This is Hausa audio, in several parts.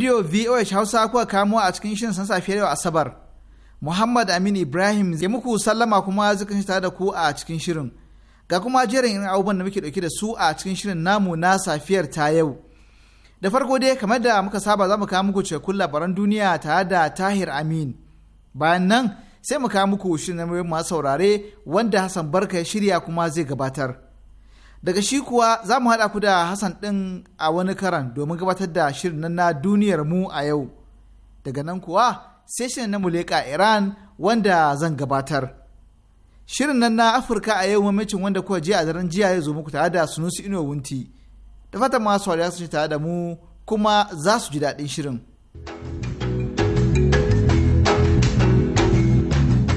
Radio VOH Hausa kuka kamo a cikin shirin san safiyar yau Asabar. Muhammad Amin Ibrahim zai muku sallama kuma zikin shi tare da ku a cikin shirin. Ga kuma jerin irin abubuwan da muke dauke da su a cikin shirin namu na safiyar ta yau. Da farko dai kamar da muka saba za mu kawo muku cikakkun labaran duniya tare da Tahir Amin. Bayan nan sai mu kawo muku shirin na masu saurare wanda Hassan Barka ya shirya kuma zai gabatar. daga shi kuwa za mu haɗa ku da hassan ɗin a wani karan domin gabatar da shirin na duniyar mu a yau daga nan kuwa sai shirin na muleka iran wanda zan gabatar shirin nan na afirka a yau mamacin wanda kuwa jiya a daren jiya ya zo muku tare da sunusi ino wunti da fatan masu tare da mu kuma za su ji daɗin shirin.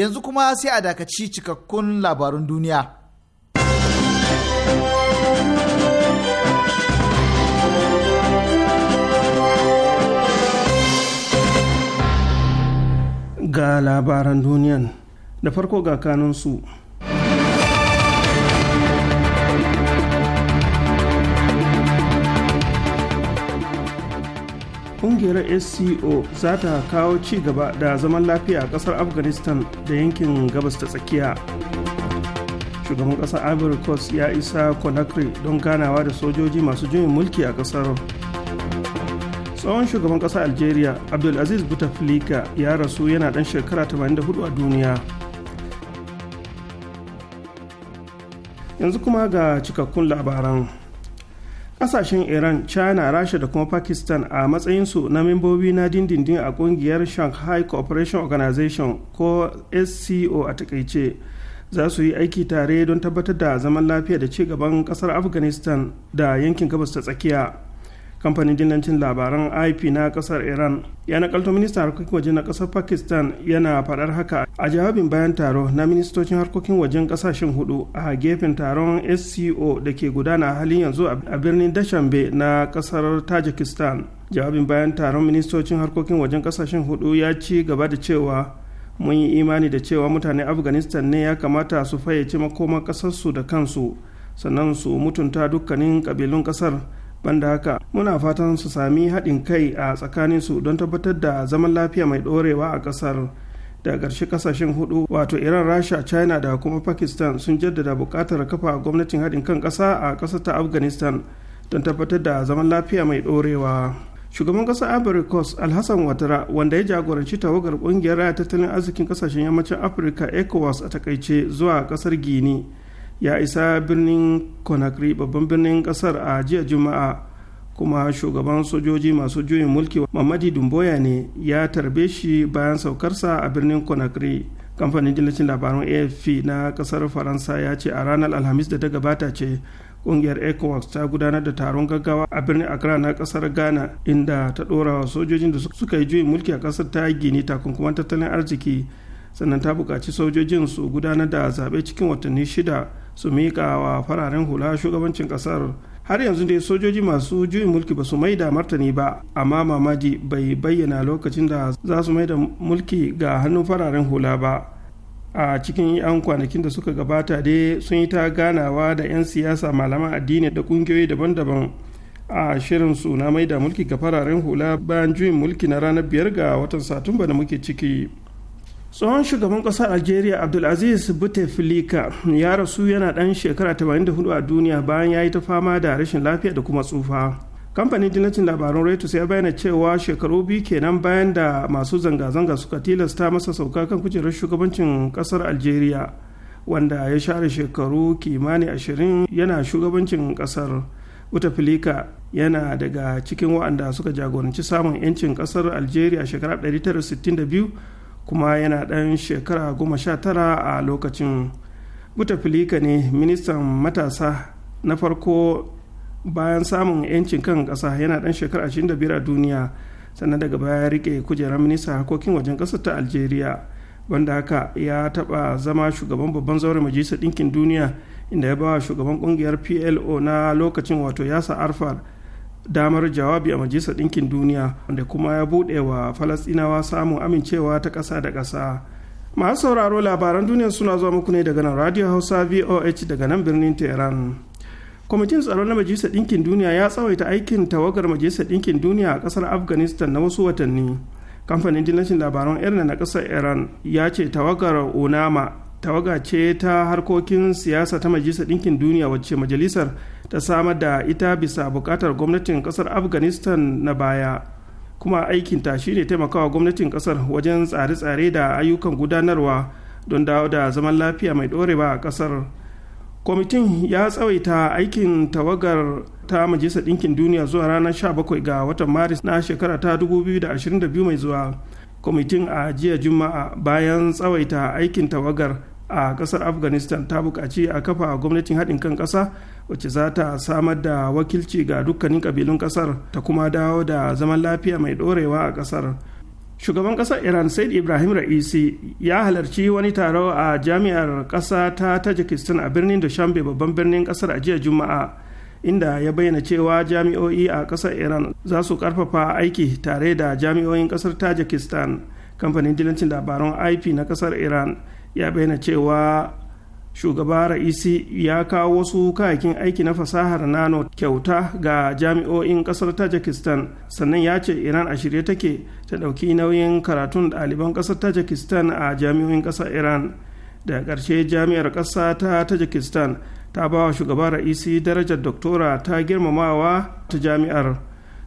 yanzu kuma sai a dakaci cikakkun labarun duniya. Ga labaran duniyan da farko ga kanunsu. kungiyar sco za ta kawo ci gaba da zaman lafiya a kasar afghanistan da yankin gabas ta tsakiya shugaban kasar ivory coast ya isa conakry don ganawa da sojoji masu juyin mulki a kasar tsohon shugaban kasar algeria abdulaziz butaflika ya rasu yana dan shekara 84 a duniya yanzu kuma ga cikakkun labaran kasashen iran china rasha da kuma pakistan a matsayinsu na membobi na dindindin a kungiyar shanghai cooperation organization ko sco a takaice za su yi aiki tare don tabbatar da zaman lafiya da ci gaban kasar afghanistan da yankin gabas ta tsakiya kamfanin dillancin labaran ip na kasar iran ya nakalto ministan harkokin waje na kasar pakistan yana faɗar haka a jawabin bayan taro na ministocin harkokin wajen kasashen hudu a gefen taron sco da ke gudana a halin yanzu a birnin dashambe na kasar tajikistan jawabin bayan taron ministocin harkokin wajen kasashen hudu ya ci gaba da cewa mun yi imani da cewa mutane afghanistan ne ya kamata su fayyace makoma kasarsu da kansu sannan su mutunta dukkanin kabilun kasar banda haka muna fatan su sami haɗin kai a tsakanin su don tabbatar da zaman lafiya mai ɗorewa a ƙasar da ƙarshe ƙasashen hudu wato iran rasha china da kuma pakistan sun jaddada buƙatar kafa gwamnatin haɗin kan ƙasa a ƙasar ta afghanistan don tabbatar da zaman lafiya mai ɗorewa shugaban ƙasar coast alhassan watara wanda ya jagoranci tawagar ƙungiyar raya tattalin arzikin ƙasashen yammacin afirka ecowas a takaice zuwa ƙasar gini ya isa birnin conakry babban birnin kasar a jiya juma'a kuma shugaban sojoji masu juyin mulki mamadi dumboya ne ya tarbe shi bayan saukarsa a birnin conakry kamfanin dillacin labaran afp na kasar faransa ya ce a ranar alhamis da ta gabata ce kungiyar ecowas ta gudanar da taron gaggawa a birnin accra na kasar ghana inda ta dora wa sojojin da suka yi juyin mulki a kasar ta gini takunkuman tattalin arziki sannan ta buƙaci sojojin su gudanar da zaɓe cikin watanni shida su miƙa wa fararen hula shugabancin ƙasar har yanzu dai sojoji masu juyin mulki ba su mai da martani ba amma mamaji bai bayyana lokacin da za su mai da mulki ga hannun fararen hula ba a cikin 'yan kwanakin da suka gabata dai sun yi ta ganawa da 'yan siyasa malaman addini da kungiyoyi daban-daban a shirin su na mai da mulki ga fararen hula bayan juyin mulki na ranar biyar ga watan satumba da muke ciki tsohon shugaban ƙasar algeria abdulaziz bouteflika ya rasu yana ɗan shekara 84 a duniya bayan ya yi ta fama da rashin lafiya da kuma tsufa kamfanin dillacin labaran reuters ya bayyana cewa shekaru biyu kenan bayan da masu zanga-zanga suka tilasta masa sauka kan kujerar shugabancin kasar algeria wanda ya share shekaru kimanin ashirin yana shugabancin kasar bouteflika yana daga cikin waɗanda suka jagoranci samun 'yancin kasar algeria shekara kuma yana ɗan shekara goma sha tara a lokacin butafilika ne ministan matasa na farko bayan samun 'yancin kan ƙasa yana ɗan shekara 25 a duniya sannan daga baya ya rike kujerar minista harkokin wajen ƙasar ta algeria wanda haka ya taɓa zama shugaban babban zauren majalisar ɗinkin duniya inda ya bawa shugaban ƙungiyar plo na lokacin wato yasa arfar damar jawabi a majalisar ɗinkin duniya wanda kuma ya buɗe wa falasɗinawa samun amincewa ta ƙasa da ƙasa masu sauraro labaran duniya suna zuwa muku ne daga nan radio hausa voh daga nan birnin tehran kwamitin tsaro na majalisar ɗinkin duniya ya tsawaita aikin tawagar majalisar ɗinkin duniya a ƙasar afghanistan na wasu watanni kamfanin dinashin labaran irin na ƙasar iran ya ce tawagar onama tawaga ce ta harkokin siyasa ta majalisar ɗinkin duniya wacce majalisar ta samar da ita bisa bukatar gwamnatin kasar afghanistan na baya kuma aikinta shine taimakawa gwamnatin ƙasar wajen tsare-tsare da ayyukan gudanarwa don dawo da zaman lafiya mai ɗorewa a kasar kwamitin ya tsawaita aikin tawagar ta majalisar ɗinkin duniya zuwa ranar 17 ga watan maris na shekara ta 2022 mai zuwa kwamitin a jiya juma'a bayan tsawaita aikin tawagar a ƙasar afghanistan ta buƙaci a kafa gwamnatin haɗin kan ƙasa wacce za ta samar da wakilci ga dukkanin kabilun kasar ta kuma dawo da zaman lafiya mai dorewa a kasar shugaban kasar iran said ibrahim ra'isi ya halarci wani taro a jami'ar kasa ta tajikistan a birnin dushanbe babban birnin kasar a jiya juma'a inda ya bayyana cewa jami'o'i a kasar iran za su karfafa aiki tare da jami'o'in kasar tajikistan kamfanin dilancin labaran ip na kasar iran ya bayyana cewa shugaba ra'isi ya kawo wasu kayakin aiki na fasahar nano kyauta ga jami'o'in kasar tajikistan sannan ya ce iran a shirye take ta ɗauki nauyin karatun ɗaliban kasar tajikistan a jami'o'in kasar iran da ƙarshe jami'ar ƙasa ta tajikistan ta ba wa shugaba ra'isi darajar doktora ta girmamawa ta jami'ar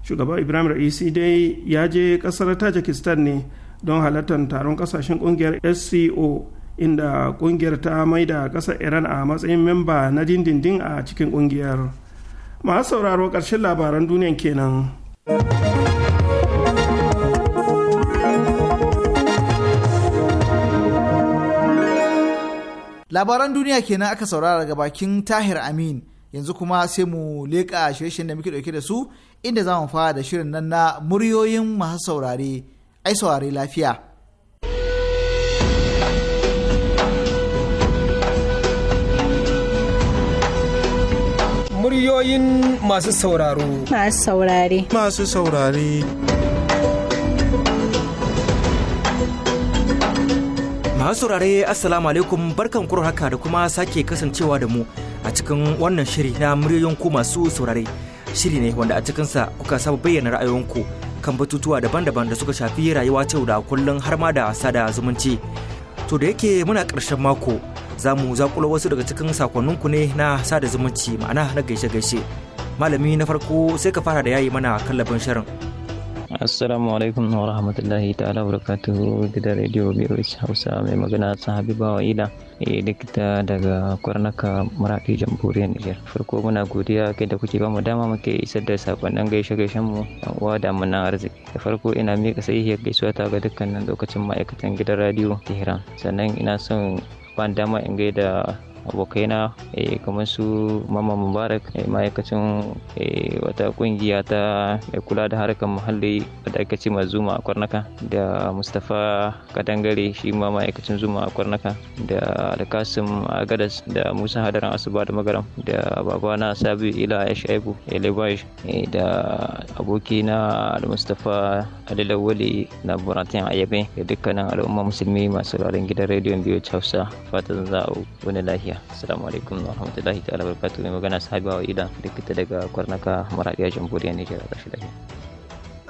shugaba ibrahim ra'isi dai ya je ƙasar tajikistan ne don halartar taron ƙasashen ƙungiyar sco inda kungiyar ta mai da kasar iran a matsayin memba na dindindin a cikin kungiyar masu sauraro ƙarshen labaran duniyan kenan labaran duniya kenan aka saurara daga bakin tahir amin yanzu kuma sai mu leƙa shirye da muke ɗauke da su inda za mu fara da shirin nan na muryoyin masu saurare ai saurare lafiya Muryoyin masu sauraro. Masu saurare. Masu saurare. Masu saurare Assalamu alaikum barkan kurar haka da kuma sake kasancewa da mu a cikin wannan shiri na muryoyin ku masu saurare. Shiri ne wanda a cikinsa kuka saba bayyana ra'ayoyinku kan batutuwa daban-daban da suka shafi rayuwa ta da kullum har ma da sada zumunci. To da yake muna ƙarshen mako za mu zakulo wasu daga cikin sakonninku ne na sada zumunci ma'ana na gaishe-gaishe malami na farko sai ka fara da yayi mana kallabin shirin assalamu alaikum wa rahmatullahi ta'ala wa barakatuhu gida radio BOH Hausa mai magana ta Habiba wa ila. e eh, likita daga kwarnaka marafi jamhuriyar Nijar farko muna godiya kai da kuke bamu dama muke isar da sakonnin gaishe gaishen mu dan uwa da mun arziki da farko ina mika sahihiyar gaisuwa ta ga dukkanin lokacin ma'aikatan gidan radio Tehran sannan ina son pandamat yang gede abokaina eh, kamar su mama mubarak eh, ma'aikacin eh, wata kungiya ta mai kula da harkar muhalli da aka mai zuma a kwarnaka da mustapha kadangare shi ma ma'aikacin zuma a kwarnaka da alkasim agadas da musa hadaran asuba da magaram da babana sabi ila ya shaibu elibash da abokina da mustapha adilawali na buratin ayyabe da dukkanin al'umma musulmi masu laurin gidan rediyon biyu hausa fatan za a wani lahiya ya. Assalamualaikum warahmatullahi taala wabarakatuh. Terima kasih sahabat Ida di kita dega Kornaka Marat Jamburi ini jaga tak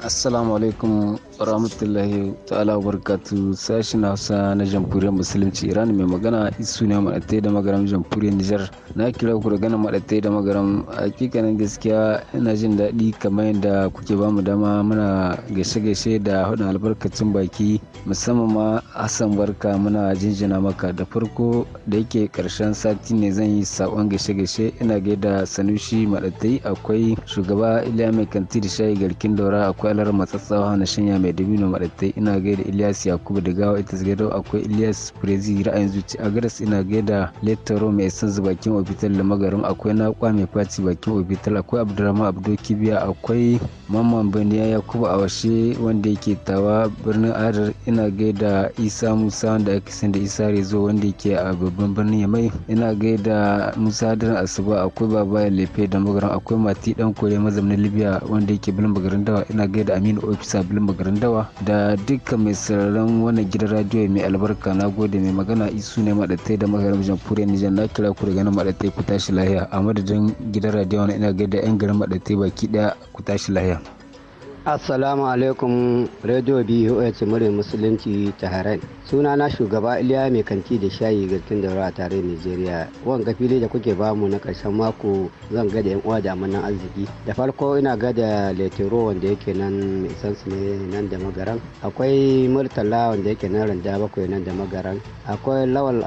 Assalamualaikum rahmatullahi ta'ala barkatu sashen hausa na jamhuriyar musulunci iran mai magana isu ne maɗatai da magaram jamhuriyar nijar na kira ku gana maɗatai da magaram hakikanin gaskiya ina jin daɗi kamar yadda kuke bamu dama muna gaishe-gaishe da haɗin albarkacin baki musamman ma hassan barka muna jinjina maka da farko da yake karshen sati ne zan yi sakon gaishe-gaishe ina gaida sanushi maɗatai akwai shugaba iliya mai kanti da shayi garkin daura akwai alar matsatsawa na shanya mai mai maɗattai ina gaida ilyas yakubu da gawa ita gado akwai ilyas prezi ra'ayin zuci agres ina gaida letaro mai sanzu bakin obital da magarin akwai nakwa mai faci bakin obital akwai abdurrahman Abdul kibiya akwai mamman baniya yakubu awashe wanda yake tawa birnin adar ina gaida isa musa wanda ake san da isa rezo wanda yake a babban birnin yamai ina gaida musa daren asuba akwai baba ya lefe da magarin akwai mati dan mazaunin libya wanda yake bilin magarin dawa ina gaida aminu ofisa bilin magarin garin da dukkan mai sararin wannan gidan radio mai albarka na gode mai magana isu ne maɗattai da makarar jamhuriyar nijar na kira ku daga nan ku tashi lahiya a madadin gidan radio na ina gaida yan garin madatai baki ɗaya ku tashi lahiya. Assalamu alaikum Radio BOH Mure Musulunci Taharan. Suna na shugaba Iliya mai kanti da shayi garkin da a tare Nigeria. Wanga fili da kuke bamu na karshen mako zan ga da yan uwa da amanan arziki. Da farko ina ga da Letero wanda yake nan mai ne nan da magaran. Akwai Murtala wanda yake nan randa bakwai nan da magaran. Akwai Lawal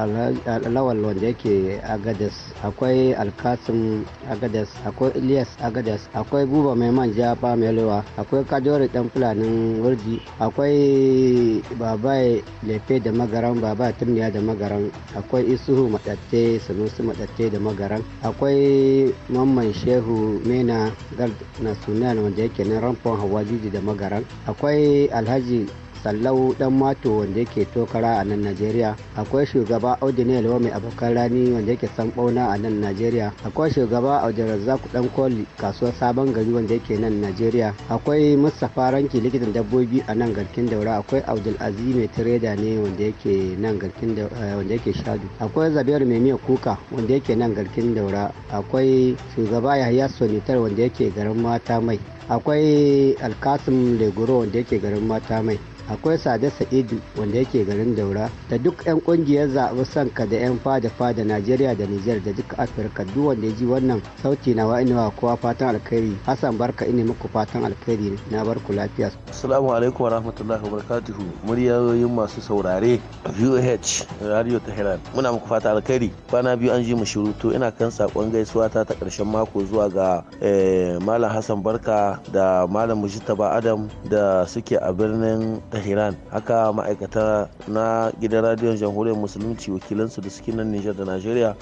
Lawal wanda yake Agadas. Akwai Alkasim Agadas. Akwai Ilyas Agadas. Akwai Buba mai manja ba mai Akwai kajore dan fulanin wurji akwai babai lefe da magaran babai timiya da magaran akwai isuhu matatte sanusi matatte da magaran akwai mamman shehu mena gard national wanda yake nan ramfon hawa jiji da magaran akwai alhaji sallau dan mato wanda yake tokara a nan najeriya akwai shugaba audu ne yalwa mai abokan rani wanda yake san bauna a nan najeriya akwai shugaba audu razzaku dan koli kasuwar sabon gari wanda yake nan najeriya akwai mustapha ranki likitan dabbobi a nan garkin daura akwai abdul mai tireda ne wanda yake nan garkin eh, wanda yake shadu akwai zabiyar mai kuka wanda yake nan garkin daura akwai shugaba yahaya sonitar wanda yake garin mata mai akwai alkasim leguro wanda yake garin mata mai akwai sada sa'idu wanda yake garin daura da duk 'yan kungiyar zaɓi sanka da 'yan fada fada najeriya da nijar da duk afirka duk wanda ya ji wannan sauti na wa kowa fatan alkhairi hassan barka ina muku fatan alkhairi na barku lafiya assalamu alaikum wa rahmatullahi wa barakatuhu muryoyin masu saurare VOH radio tehran muna muku fatan alkhairi kwana biyu an ji mu to ina kan sakon gaisuwa ta ta karshen mako zuwa ga eh, malam hasan barka da malam mujtaba adam da suke a birnin tehran haka ma'aikata na gidan radiyon jamhuriyar musulunci wakilansu da suke nan nijar da najeriya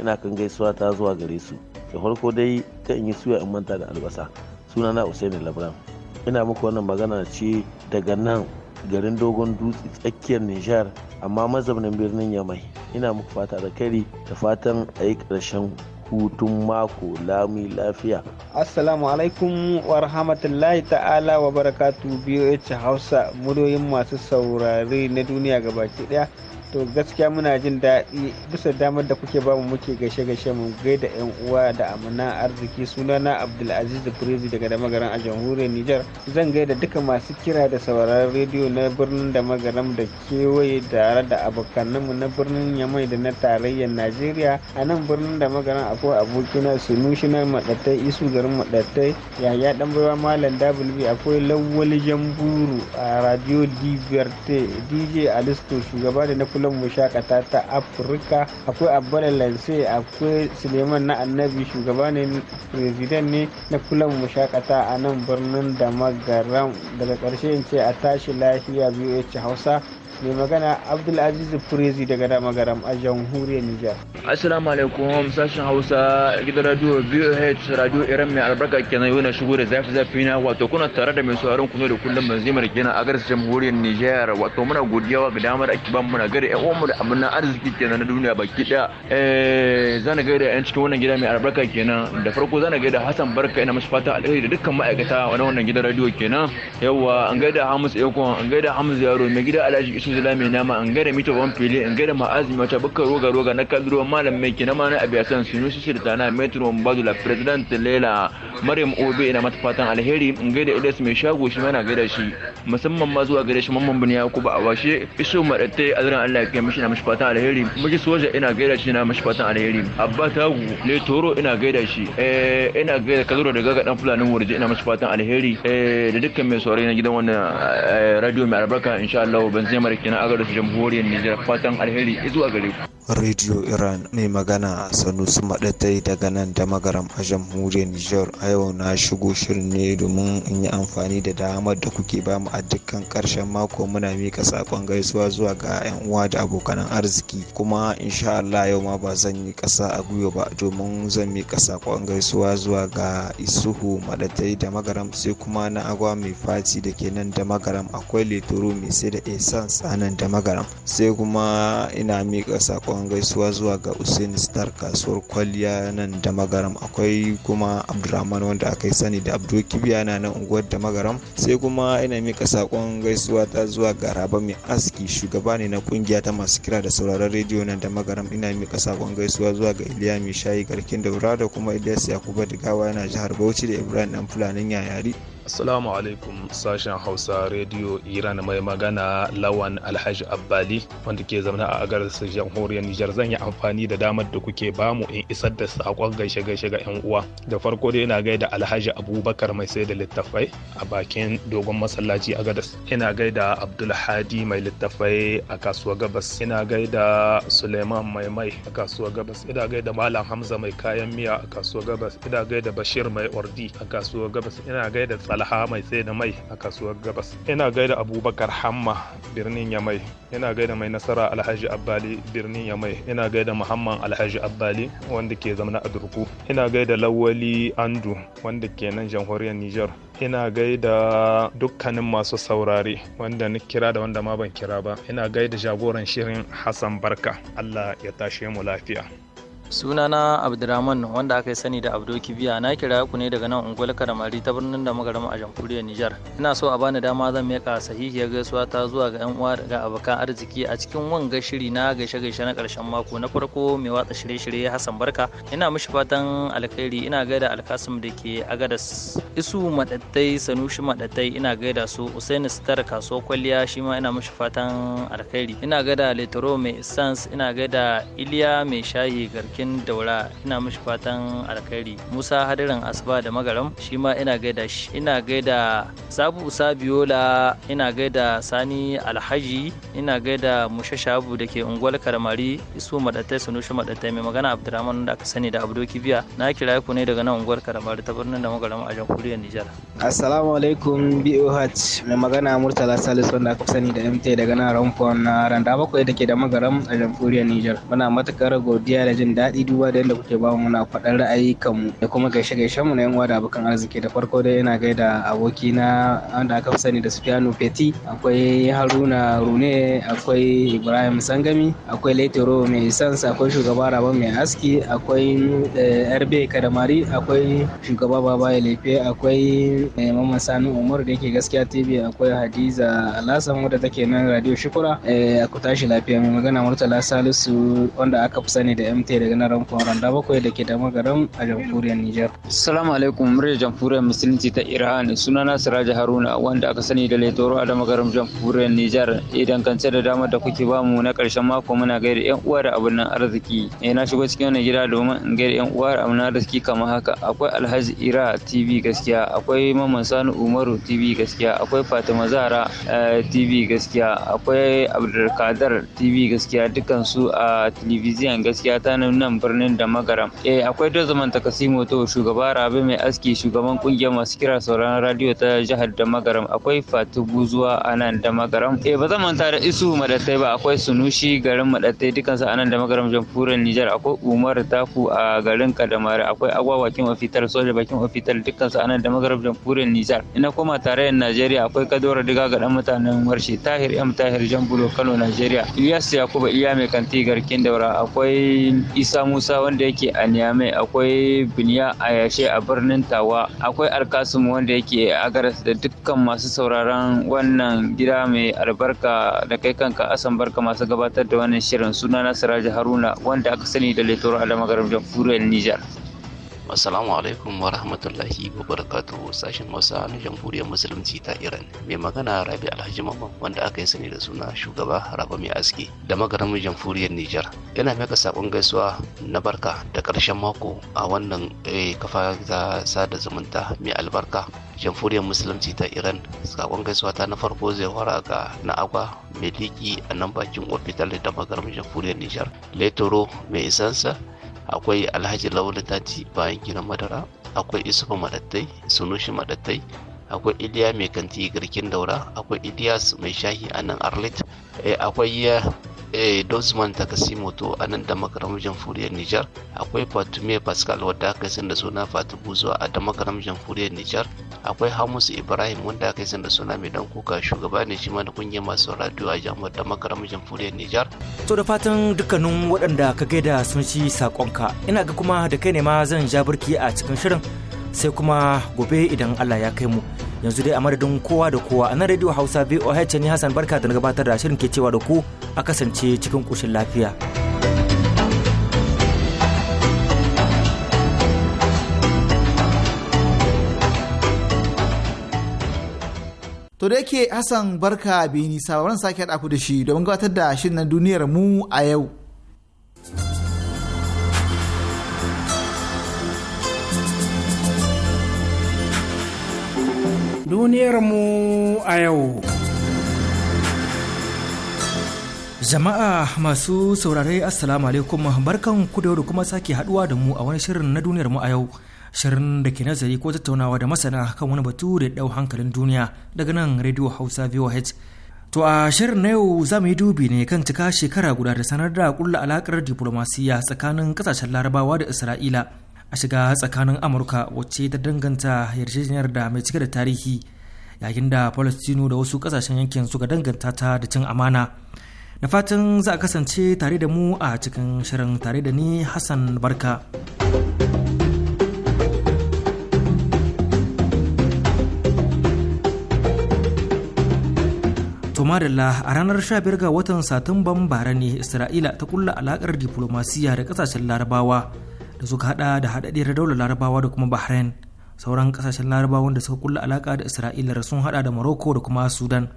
ina kan gaisuwa ta zuwa gare su da farko dai ta in yi suya in manta da albasa suna na usaini labram ina muku wannan magana ce daga nan garin dogon dutse tsakiyar nijar amma mazaunin birnin yamai ina muku fata da kari da fatan a yi ƙarshen hutun mako lami lafiya. Assalamu alaikum wa rahmatullahi ta'ala wa barakatu biyu BOH Hausa muryoyin masu saurare na duniya gabaki daya. to gaskiya muna jin daɗi bisa damar da kuke bamu muke gaishe gaishe mu gaida yan uwa da amana arziki sunana abdulaziz prezi daga damagaran a jamhuriyar niger zan gaida duka masu kira da sauraron rediyo na birnin damagaram da kewaye tare da abokaninmu na birnin yamai da na tarayyar najeriya a nan birnin damagaram akwai abokina na maɗatai isu garin maɗatai yaya dan baiwa malam w akwai lawwal jamburu a radio dj alisto shugaba da na kulan mushakata ta afirka akwai abbala lance akwai suleiman na annabi shugabanin ne president ne na kulan mushakata a nan birnin da magaram daga ƙarshe in ce a tashi lafiya biyu hausa mai magana abdulaziz furezi daga garam a jamhuriyar nijar assalamu alaikum sashen hausa gidan radio voh radio iran mai albarka kenan yau na shigo da zafi zafi na wato kuna tare da mai sauraron kuno da kullum manzimar gina a garin jamhuriyar nijar wato muna godiya ga damar ake ban muna gari yan uwanmu da abin arziki kenan na duniya baki daya eh, zana gaida yan cikin wannan gida mai albarka kenan da farko zana gaida hassan barka ina mashi fata alheri da dukkan ma'aikata wani wannan gidan radio kenan yawa an gaida hamus ekon an gaida hamus yaro mai gida alhaji isu rashin zila mai nama an gare mito ban fili an gare ma azumi wata bukka roga roga na kalduruwan malam mai kina ma na abiyasan sunusi na metro mbadu la president lela maryam obi ina mata fatan alheri an gare ilis mai shago shi mana gare shi musamman ma zuwa gare shi mamman bin yakubu a washe iso madatte azran allah ya mishi na mishi fatan alheri miji soja ina gare shi na mishi fatan alheri abba tagu le toro ina gare shi eh ina gare kaduro da gaga dan fulani wurje ina mishi fatan alheri eh da dukkan mai saurayi na gidan wannan eh, radio mai albarka insha Allah ban zai mara kenan a jamhuriyar Nijar fatan alheri zuwa gare ku. Radio Iran mai magana Sanusi maɗatai daga nan da magaram a jamhuriyar Nijar. A yau na shigo shirin ne domin in yi amfani da damar da kuke ba mu a dukkan karshen mako muna miƙa saƙon gaisuwa zuwa ga 'yan uwa da abokan arziki. Kuma insha Allah yau ma ba zan yi ƙasa a gwiwa ba domin zan miƙa saƙon gaisuwa zuwa ga Isuhu Madatai da magaram sai kuma na agwa mai fati da ke nan da magaram akwai letoro mai sai da essence a nan da magaram sai kuma ina miƙa saƙon. sakon gaisuwa zuwa ga Usaini Star kasuwar kwalliya nan da magaram akwai kuma Abdulrahman wanda aka yi sani da Abdul Kibiya na nan unguwar da magaram sai kuma ina mika sakon gaisuwa ta zuwa ga Raba mai aski shugaba ne na kungiya ta masu kira da sauraron rediyo nan da magaram ina mika sakon gaisuwa zuwa ga Iliya mai shayi garkin daura da kuma Ilyas Yakuba gawa yana jihar Bauchi da Ibrahim dan Fulanin Yayari Assalamu alaikum sashen Hausa Radio Iran mai magana Lawan Alhaji Abbali wanda ke zama a agar jamhuriyar Nijar zan yi amfani da damar da kuke bamu in isar da sakon gaishe gaishe ga yan uwa. Da farko dai ina gaida Alhaji Abubakar mai sai da littafai a bakin dogon masallaci a Gadas. Ina gaida Abdulhadi mai littafai a kasuwar Gabas. Ina gaida Suleiman mai mai a kasuwar Gabas. Ina gaida Malam Hamza mai kayan miya a kasuwar Gabas. Ina gaida Bashir mai ordi a kasuwar Gabas. Ina gaida salha mai sai da mai a kasuwar gabas ina gaida abubakar hamma birnin yamai ina gaida mai nasara alhaji abbali birnin yamai ina gaida muhamman alhaji abbali wanda ke zamana a durku ina gaida lawali andu wanda ke nan jamhuriyar niger ina gaida dukkanin masu saurare wanda ni kira da wanda ma ban kira ba ina gaida jagoran shirin hassan barka allah ya tashe mu lafiya sunana abdurrahman wanda aka sani da abdo kibiya na kira ku ne daga nan unguwar karamari ta birnin da magarama a jamhuriyar nijar ina so a bani dama zan meka sahihiyar gaisuwa ta zuwa ga yan uwa daga abokan arziki a cikin wanga shiri na gaishe gaishe na karshen mako na farko mai watsa shirye shirye hassan barka ina mishi fatan alkhairi ina gaida alkasim da ke agadas isu madattai sanushi madattai ina gaida su usaini sitar kasuwar kwalliya shi ina mishi fatan alkhairi ina gaida letoro mai sans ina gaida iliya mai shayi garke sarkin daura ina mishi fatan alkhairi musa hadirin asuba da magaram shi ma ina gaida shi ina gaida sabu biola ina gaida sani alhaji ina gaida musha shabu da ke unguwar karamari isu madattai sunusha madattai mai magana abdurrahman da aka sani da abdoki biya na kira ku ne daga nan unguwar karamari ta birnin da magaram a jamhuriyar nijar assalamu alaikum boh mai magana murtala salisu wanda aka sani da mt daga nan ramfon na randa bakwai da ke da magaram a jamhuriyar nijar muna matukar godiya da jin daɗi daɗi duba da yadda kuke bamu muna faɗar mu da kuma gaishe-gaishen mu na yan da abokan arziki da farko dai yana gaida aboki na wanda aka fi sani da Sufiyanu Feti akwai Haruna Rune akwai Ibrahim Sangami akwai Laitoro mai sansa akwai shugaba Rabon mai aski akwai Erbe eh, Kadamari akwai shugaba Baba ilefe akwai eh, Mamman Sani Umar da yake gaskiya TV akwai Hadiza Alhassan wadda take nan Radio Shukura a eh, ku tashi lafiya mai magana Murtala Salisu wanda aka fi sani da MT daga na kwaran randa bakwai da ke da magaran a jamhuriyar Nijar. Salamu alaikum muryar jamhuriyar musulunci ta Iran na Siraja Haruna wanda aka sani da laitoro a da magaran jamhuriyar Nijar idan eh, kance da damar da kuke bamu na karshen mako muna gaida yan uwa da abin arziki. Eh na shigo cikin wannan gida domin in gaida yan uwa da abin arziki kamar haka akwai Alhaji Ira TV gaskiya akwai Mamman Sani Umaru TV gaskiya akwai Fatima Zara eh, TV gaskiya akwai Abdulkadir TV gaskiya dukkan su a telebijiyan gaskiya ta nan nan birnin da magaram eh akwai dozaman takasimo to shugaba rabi mai aski shugaban kungiyar masu kira sauran radio ta jihar da magaram akwai fatu buzuwa a nan da magaram eh ba zan manta da isu madatai ba akwai sunushi garin madatai dukansu a nan da magaram jamhuriyar nijar akwai umar tafu a garin kadamare akwai agwa bakin ofitar soja bakin ofitar dukansu a nan da magaram jamhuriyar nijar ina koma tarayyar najeriya akwai kadora diga ga dan mutanen warshe tahir m tahir jambulo kano najeriya ilyas yakuba iya mai kanti garkin daura akwai Isa Musa wanda yake a Niamey, akwai Biniya Ayashe a birnin Tawa, akwai Alkasum wanda yake a Agaras da dukkan masu sauraron wannan gida mai albarka da kai kanka asan barka masu gabatar da wannan shirin sunana Siraji Haruna wanda aka sani da Letoro Adama Garam Jamhuriyar Nijar. Assalamu alaikum wa rahmatullahi wa barakatuhu sashen Hausa na Jamhuriyar Musulunci ta Iran. Mai magana Rabi Alhaji Mamman wanda aka yi sani da suna shugaba Rabi Mai Aski da magaramin Jamhuriyar Nijar. Yana maka sakon gaisuwa na barka da karshen mako a wannan eh, kafa ta sada zumunta mai albarka. Jamhuriyar Musulunci ta Iran sakon gaisuwa ta na farko zai fara ga na agwa mai liki a nan bakin ofital da magaramin Jamhuriyar Nijar. Letoro mai isansa akwai alhaji lauli tati bayan gidan madara akwai isufa madattai sunushi madattai akwai iliya mai kanti garkin daura akwai iliyas mai shahi a nan arlit eh, akwai eh, Eh, dosman takasimo moto a nan da makaramin jamhuriyar nijar akwai fatumiya pascal wadda aka yi da suna fatu zuwa a da makaramin jamhuriyar nijar akwai hamus ibrahim wanda aka yi da suna mai dan kuka shugaba ne shi ma da kungiyar masu radio a jamhuriyar da makaramin jamhuriyar nijar. to da fatan dukkanin waɗanda ka gaida sun ci saƙonka ina ga kuma da kai ne ma zan ja birki a cikin shirin sai kuma gobe idan allah ya kai mu. yanzu dai a madadin kowa da kowa a nan radio hausa voh ne hassan barka da na gabatar da shirin ke cewa da ku a kasance cikin kushin lafiya to da yake hassan barka bini sabaran sake haɗa ku da shi domin gabatar da shirin na duniyar mu a yau duniyarmu a yau. Jama'a masu saurare Assalamu alaikum barkan ku da kuma sake haduwa da mu a wani shirin na duniyarmu a yau. Shirin da ke nazari ko tattaunawa da masana kan wani batu da ya dau hankalin duniya daga nan Radio Hausa VOH. To a shirin na yau za mu yi dubi ne kan cika shekara guda da sanar da kulla alakar diplomasiya tsakanin kasashen larabawa da Isra'ila. a shiga tsakanin amurka wacce ta danganta yarjejeniyar da mai cike da tarihi yayin da palestino da wasu kasashen yankin suka danganta ta da cin amana da fatan za a kasance tare da mu a cikin shirin tare da ni hassan barka tomarilla a ranar 15 ga watan satumban bara ne isra'ila ta kulla alakar diplomasiya da kasashen larabawa da suka hada da hadaddiyar daular larabawa da kuma bahrain sauran kasashen larabawa da suka kulla alaka da isra'ila sun hada da morocco da kuma sudan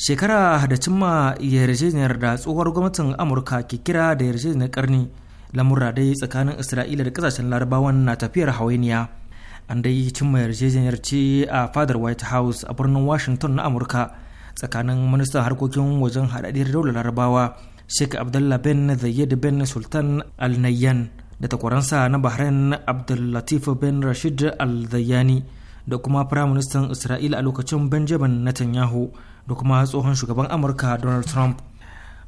shekara da cimma yarjejeniyar da tsohuwar gwamnatin amurka ke kira da yarjejeniyar karni lamurra dai tsakanin isra'ila da kasashen larabawan na tafiyar hawainiya an dai cimma yarjejeniyar ce a fadar white house a birnin washington na amurka tsakanin ministan harkokin wajen hadaddiyar daular larabawa sheikh abdullah ben zayyad ben sultan al nayyan da takwaransa na bahrain abdullatif bin rashid al zayani da kuma firaministan isra'ila a lokacin benjamin netanyahu da kuma tsohon shugaban amurka donald trump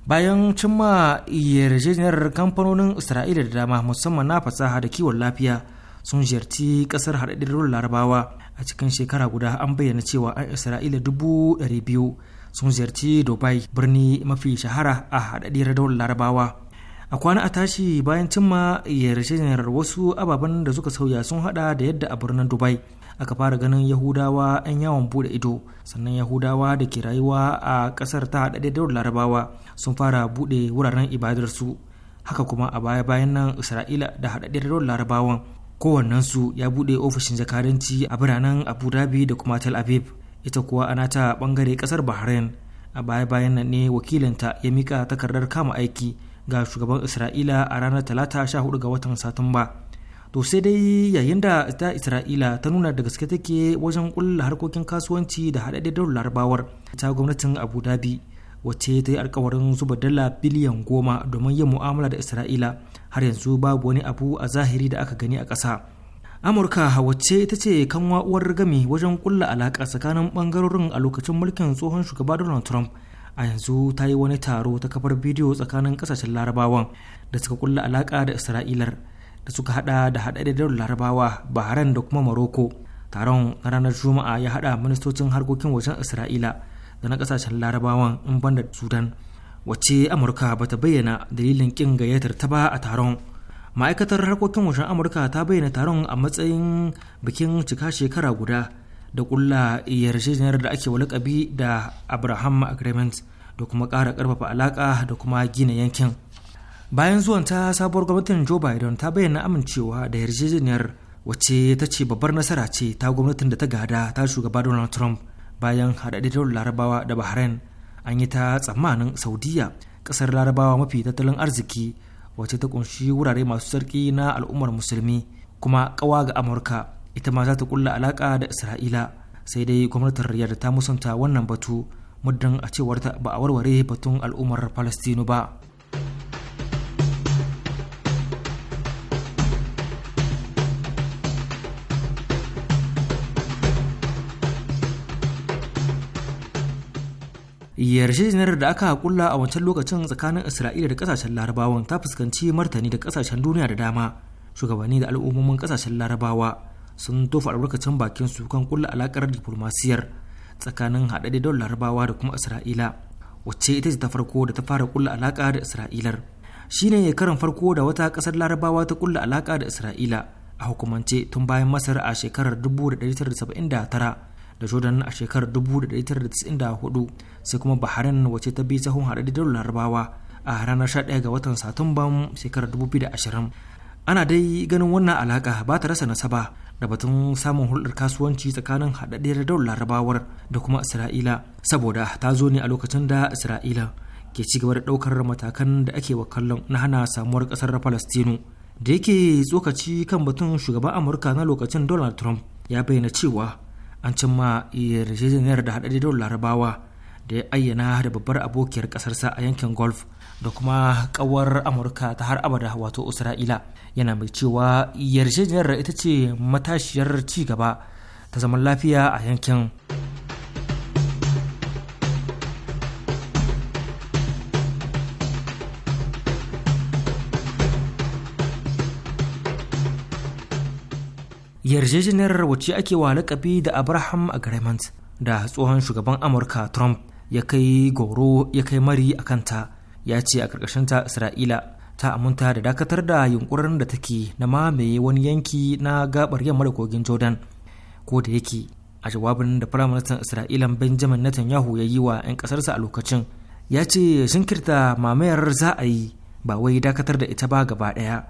bayan cimma yarjejeniyar kamfanonin isra'ila da dama musamman na fasaha da kiwon lafiya sun ziyarci kasar haɗaɗɗen larabawa a cikin shekara guda an bayyana cewa an isra'ila dubu ɗari biyu sun ziyarci dubai birni mafi shahara a haɗaɗɗiyar daular larabawa a kwana a tashi bayan cimma yarjejeniyar wasu ababen da suka sauya sun hada da yadda a birnin dubai aka fara ganin yahudawa 'yan yawon bude ido sannan yahudawa da ke rayuwa a kasar ta hada da larabawa sun fara bude wuraren ibadarsu haka kuma a baya bayan nan isra'ila da haɗaɗɗe da larabawan kowannensu ya bude ofishin jakadanci a biranen abu dhabi da kuma tel aviv ita kuwa ana ta bangare kasar bahrain a baya bayan nan ne wakilinta ya mika takardar kama aiki ga shugaban isra'ila a ranar talata 14 ga watan satumba to sai dai yayin da ta isra'ila ta nuna da gaske take wajen kulla harkokin kasuwanci da haɗaɗe da larabawar ta gwamnatin abu dhabi wacce ta yi alkawarin zuba dala biliyan goma domin yin mu'amala da isra'ila har yanzu babu wani abu a zahiri da aka gani a ƙasa amurka wacce ita ce kanwa uwar gami wajen kulla alaƙa tsakanin ɓangarorin a lokacin mulkin tsohon shugaba donald trump a yanzu ta yi wani taro ta kafar bidiyo tsakanin kasashen larabawan da suka kulla alaka da isra'ilar da suka hada da haɗaɗɗen larabawa bahrain da kuma maroko taron na ranar juma'a ya hada ministocin harkokin wajen isra'ila da na kasashen larabawan in banda sudan wacce amurka ba ta bayyana dalilin kin gayyatar ta ba a taron ma'aikatar harkokin wajen amurka ta bayyana taron a matsayin bikin cika shekara guda da kulla yarjejeniyar da ake walakabi da abraham agreement da kuma ƙara ƙarfafa alaka da kuma gina yankin bayan zuwan ta sabuwar gwamnatin joe biden ta bayyana amincewa da yarjejeniyar wacce ta ce babbar nasara ce ta gwamnatin da ta gada ta shugaba donald trump bayan da larabawa da bahrain an yi ta tsammanin saudiya ƙasar larabawa mafi tattalin arziki wacce ta kunshi wurare masu sarki na al'ummar musulmi kuma ƙawa ga amurka ita ma za ta kulla alaka da isra'ila sai dai gwamnatin riyadh ta musanta wannan batu muddin a cewar ta ba a warware batun al'ummar palestino ba yarjejeniyar da aka kulla a wancan lokacin tsakanin isra'ila da kasashen larabawan ta fuskanci martani da kasashen duniya da dama shugabanni da al'ummomin kasashen larabawa sun tofa albarkacin bakin su kan kulla alakar diplomasiyar tsakanin haɗaɗe don larabawa da kuma isra'ila wacce ita ce ta farko da ta fara kulla alaka da isra'ilar shine ne karin farko da wata ƙasar larabawa ta kulla alaka da isra'ila a hukumance tun bayan masar a shekarar 1979 da jordan a shekarar 1994 sai kuma bahrain wace ta bi sahun don larabawa a ranar 11 ga watan satumban shekarar 2020 ana dai ganin wannan alaka ba ta rasa nasaba da batun samun hulɗar kasuwanci tsakanin haɗaɗɗiyar daular larabawar da kuma isra'ila saboda ta zo ne a lokacin da isra'ila ke ci gaba da ɗaukar matakan da ake wa kallon na hana samuwar ƙasar palestino da yake tsokaci kan batun shugaban amurka na lokacin donald trump ya bayyana cewa an cimma yarjejeniyar da da larabawa da ya ayyana da babbar abokiyar ƙasarsa a yankin golf da kuma ƙawar amurka ta har abada wato isra'ila yana mai cewa yarjejeniyar ita ce matashiyar ci gaba ta zaman lafiya a yankin yarjejeniyar wacce ake wa lakabi da abraham agreement da tsohon shugaban amurka trump ya kai goro ya kai mari a kanta ya ce a ƙarƙashinta isra'ila ta aminta da dakatar da yunkurin da take na mamaye wani yanki na gabar yamma da kogin jordan ko da yake a jawabin da firaministan isra'ila benjamin netanyahu ya yi wa 'yan kasarsa a lokacin ya ce shinkirta mamayar za a yi ba wai dakatar da ita ba gaba ɗaya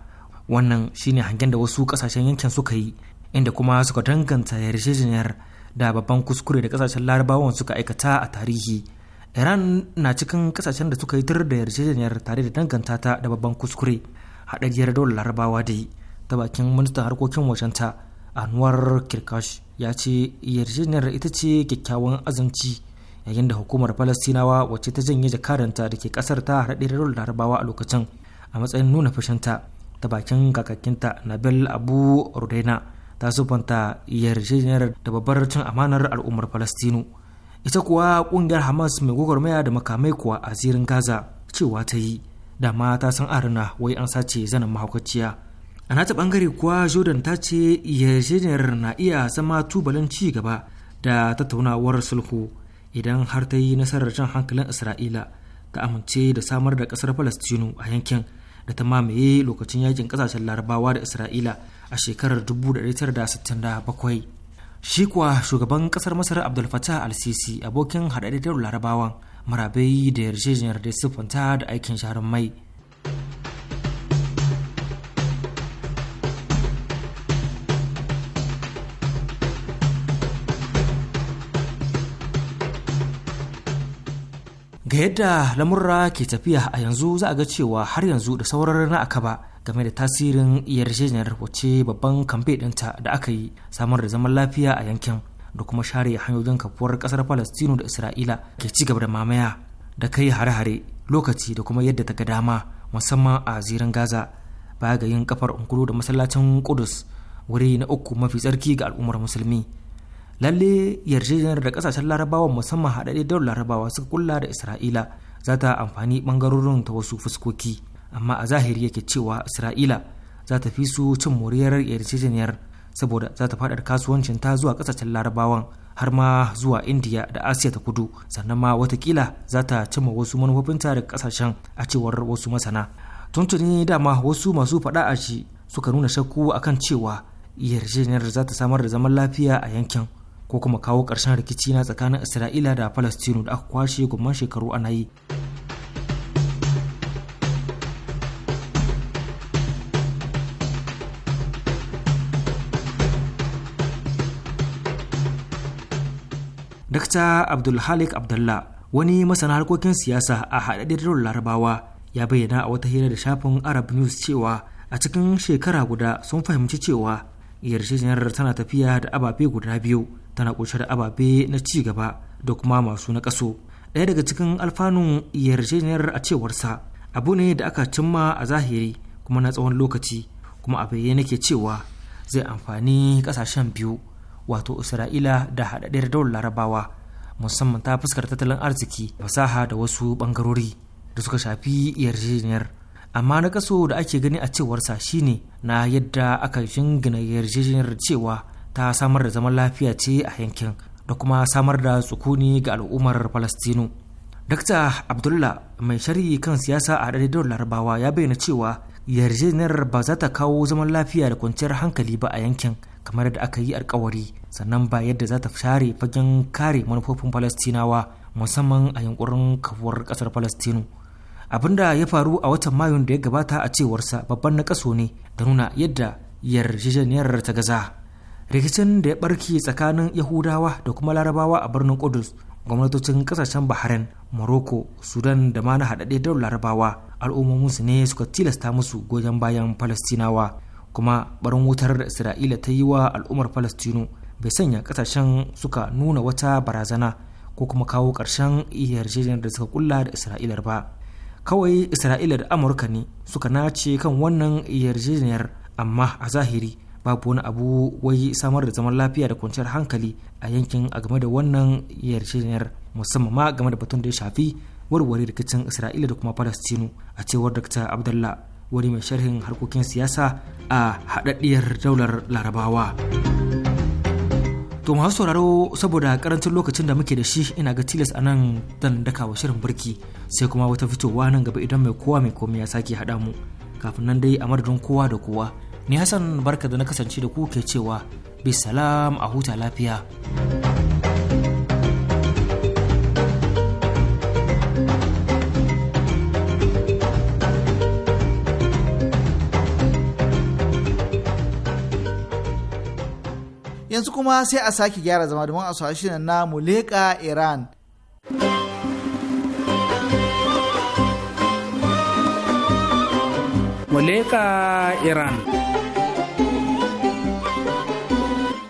wannan shine hangen da wasu kasashen yankin suka yi inda kuma suka danganta yarjejeniyar da babban kuskure da kasashen larabawan suka aikata a tarihi iran na cikin kasashen da suka yi tur da yarjejeniyar tare da danganta ta da babban kuskure haɗajiyar dole larabawa da yi ta bakin ministan harkokin wajenta anwar kirkash ya ce yarjejeniyar ita ce kyakkyawan azanci yayin da hukumar falastinawa wacce ta janye jakaranta da ke kasar ta haɗajiyar dole larabawa a lokacin a matsayin nuna fushinta ta bakin kakakinta nabil abu rudaina ta zubanta yarjejeniyar da babbar cin amanar al'ummar falastinu ita kuwa kungiyar hamas mai gwagwarmaya da makamai kuwa a zirin gaza cewa ta yi da ma ta san arna wai an sace zanen mahaukaciya a nata bangare kuwa jordan ta ce yarjejeniyar na iya zama tubalin ci gaba da tattaunawar sulhu idan har ta yi nasarar jan hankalin isra'ila ta amince da samar da kasar palestinu a yankin da ta mamaye lokacin yakin kasashen larabawa da isra'ila a shekarar 1967 shi kuwa shugaban kasar masar abdul fatah al-sisi abokin haɗaɗɗiyar larabawan marabai da yarjejeniyar da siffanta da aikin sharan mai ga yadda lamurra ke tafiya a yanzu za a ga cewa har yanzu da sauran na akaba. ba game da tasirin yarjejeniyar wace babban kamfe ɗinta da aka yi samar da zaman lafiya a yankin da kuma share hanyoyin kafuwar ƙasar palestino da isra'ila ke ci gaba da mamaya da kai hare-hare lokaci da kuma yadda ta ga dama musamman a zirin gaza baya ga yin kafar unguru da masallacin kudus wuri na uku mafi tsarki ga al'ummar musulmi lalle yarjejeniyar da kasashen larabawa musamman haɗaɗɗe daular larabawa suka kulla da isra'ila za ta amfani ɓangarorin ta wasu fuskoki amma a zahiri yake cewa isra'ila za ta fi su cin moriyar yarjejeniyar saboda za ta fadar kasuwancin ta zuwa ƙasashen larabawan har ma zuwa indiya da asiya ta kudu sannan ma watakila za ta cimma wasu manufofinta da kasashen a cewar wasu masana tuntuni dama wasu masu faɗa a shi suka nuna shakku akan cewa yarjejeniyar za ta samar da zaman lafiya a yankin ko kuma kawo ƙarshen rikici na tsakanin isra'ila da falastinu da aka kwashe gumman shekaru ana yi Dr. Abdulhalik Abdullah wani masana harkokin siyasa a da larabawa ya bayyana a wata hira da shafin Arab News cewa a cikin shekara guda sun fahimci cewa yarjejeniyar tana tafiya da ababe guda biyu tana ƙunshe da ababe na ci gaba da kuma masu na kaso ɗaya daga cikin alfanun yarjejeniyar a cewarsa abu ne da aka cimma a zahiri kuma na tsawon lokaci kuma a bayyane ke cewa zai amfani ƙasashen biyu wato isra'ila da haɗaɗɗiyar daular larabawa musamman ta fuskar tattalin arziki fasaha da wasu ɓangarori da suka shafi yarjejeniyar amma na kaso da ake gani a cewar sa shine na yadda aka shingina yarjejeniyar cewa ta samar da zaman lafiya ce a yankin da kuma samar da tsukuni ga al'ummar falastinu Dr. Abdullah mai shari'i kan siyasa a ɗaiɗaiɗar larabawa ya bayyana cewa yarjejeniyar ba za ta kawo zaman lafiya da kwanciyar hankali ba a yankin kamar da aka yi alkawari sannan ba yadda za ta share fagen kare manufofin palestinawa musamman a yunkurin kafuwar kasar falastinu abin da ya faru a watan mayun da ya gabata a cewarsa babban na kaso ne da nuna yadda yarjejeniyar ta gaza rikicin da ya barke tsakanin yahudawa da kuma larabawa a birnin kudus gwamnatocin kasashen bahrain morocco sudan da ma na haɗaɗɗe da larabawa su ne suka tilasta musu goyon bayan palestinawa. kuma barin wutar da isra'ila ta yi wa al'ummar falastinu bai sanya kasashen suka nuna wata barazana ko kuma kawo ƙarshen yarjejeniyar da suka kula da isra'ilar ba kawai isra'ila da amurka ne suka nace kan wannan yarjejeniyar amma a zahiri babu wani abu wai samar da zaman lafiya da kwanciyar hankali a yankin a game da wannan yarjejeniyar musamman ma game da batun da ya shafi warware rikicin isra'ila da kuma falastinu a cewar dr abdullah wani mai sharhin harkokin siyasa a haɗaɗɗiyar daular larabawa to masu sauraro saboda karancin lokacin da muke da shi ina ga tilas a nan dan wa shirin birki sai kuma wata fitowa nan gaba idan mai kowa mai komai ya sake haɗa mu kafin nan dai a madadin kowa da kowa ni hassan barka da na kasance da ku ke cewa bisalam a huta lafiya yanzu kuma sai a sake gyara zama domin a sashi na muleka iran muleka iran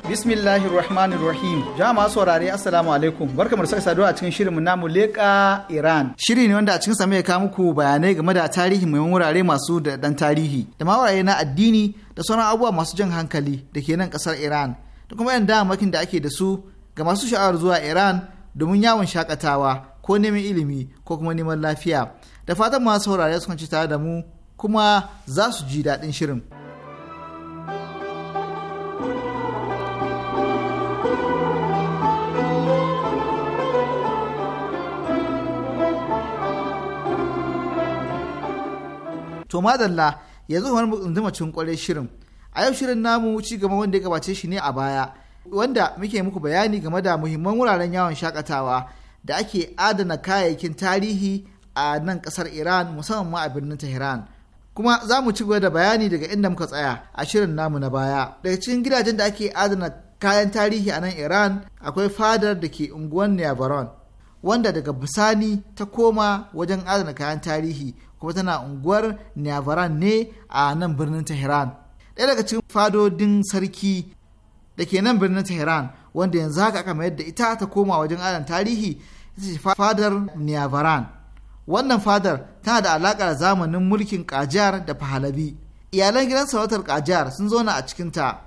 bismillahir rahmanir rahim jama'a saurare assalamu alaikum barkamu da sake saduwa a cikin shirinmu na muleka iran shiri ne wanda a cikin sa mai kawo muku bayanai game da tarihi mai wurare masu da dan tarihi da ma wurare na addini da sauran abubuwa masu jan hankali da ke nan kasar iran da kuma yan damakin da ake da su ga masu sha'awar zuwa Iran domin yawon shakatawa ko neman ilimi ko kuma neman lafiya. Da fatan masu saurare su ci tare da mu kuma za su ji daɗin shirin. To madalla yanzu kamar mutum cin kwarai shirin a yau shirin namu ci gaba wanda ya gabace shi ne a baya wanda muke muku bayani game da muhimman wuraren yawon shakatawa da ake adana kayayyakin tarihi a nan kasar iran musamman ma a birnin tehran kuma za mu ci gaba da bayani daga inda muka tsaya a shirin namu na baya daga cikin gidajen da ake adana kayan tarihi a nan iran akwai fadar da ke unguwar nevaron wanda daga bisani ta koma wajen adana kayan tarihi kuma tana unguwar nevaron ne a nan birnin tehran ɗaya daga cikin fadodin sarki da ke nan birnin tehran wanda yanzu haka aka mayar da ita ta koma wajen adon tarihi ita ce fadar niyabaran wannan fadar tana da alaƙar zamanin mulkin Kajar da fahalabi iyalan gidan sarautar Kajar sun zauna a cikinta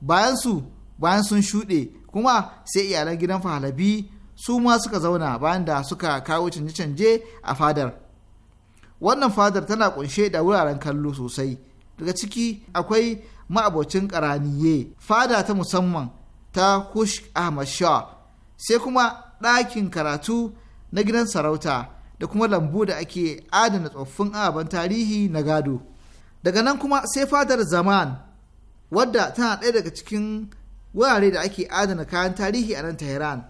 bayan su bayan sun shuɗe kuma sai iyalan gidan fahalabi su ma suka zauna bayan da suka kawo canje-canje a fadar wannan fadar tana kunshe da wuraren kallo sosai daga ciki akwai ma'abocin karaniye fada ta musamman ta kush ahmad shah sai kuma ɗakin karatu na gidan sarauta da kuma lambu da ake adana tsoffin ababen tarihi na gado daga nan kuma sai fadar zaman wadda tana ɗaya daga cikin wurare da ake adana kayan tarihi a nan tehran